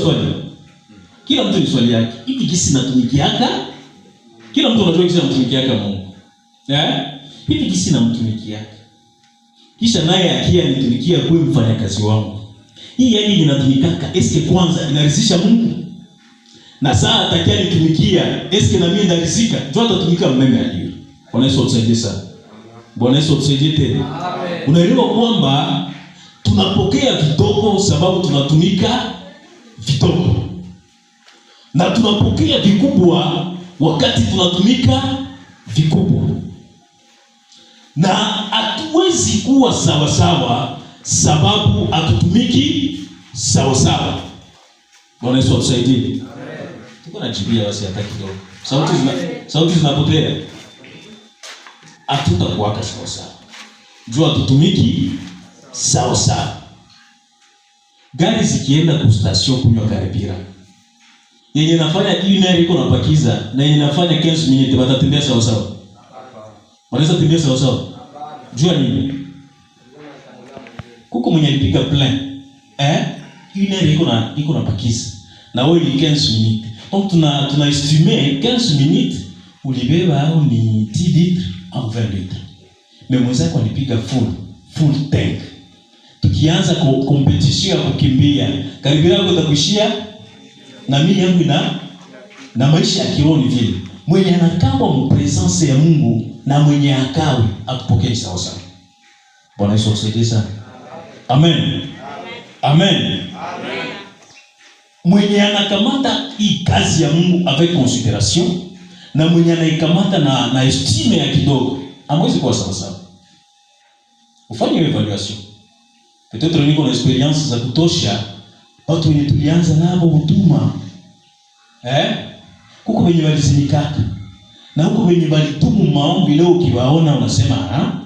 Swali. Kila mtu ni swali yake. Hivi jinsi natumikiaka? Kila mtu anajua jinsi anamtumikiaka Mungu. Eh? Hivi jinsi namtumikiaka. Kisha naye akia nitumikia kwa mfanyakazi wangu. Hii yani ninatumikaka eske kwanza inarizisha Mungu. Na saa atakia nitumikia eske na mimi ndaridhika. Ndio atatumika mmeme aliyo. Bwana Yesu atusaidie sana. Bwana Yesu atusaidie tena. Amen. Unaelewa kwamba tunapokea kidogo sababu tunatumika vidogo, na tunapokea vikubwa wakati tunatumika vikubwa, na hatuwezi kuwa sawasawa sababu hatutumiki sawasawa. Bwana Yesu atusaidie. Tuko na jibia basi hata kidogo, sauti zina sauti zinapotea, hatutakuwaka sawasawa juu hatutumiki sawasawa. Gari zikienda ku station kunywa karibira. Yenye nafanya dinner iko napakiza na yenye nafanya kensu minute batatembea sawa sawa. Wanaweza tembea sawa sawa. Jua nini? Kuko mwenye alipiga plan. Eh? Dinner iko na iko napakiza. Na wewe ni kensu minute. Donc oh, tuna tuna estimé 15 minutes ulibeba au ni 10 litres en 20 litres. Mais mwenzako alipiga full full tank. Tukianza competition ya kukimbia, karibu yangu itakuishia na mimi yangu ina na maisha ya kiroho vile. Mwenye anakabwa mpresence ya Mungu na mwenye akawi akupokee sawa sawa. Bwana Yesu akusaidie sana. Amen. Amen. Amen. Amen. Mwenye anakamata hii kazi ya Mungu avec considération na mwenye anaikamata na na estime ya kidogo, amwezi kuwa sawa sawa. Ufanye evaluation. Petro niko na experience za kutosha watu wenye tulianza nabo utuma eh, Kuko wenye walizinikata na huko wenye walitumu maombi, leo ukiwaona unasema ah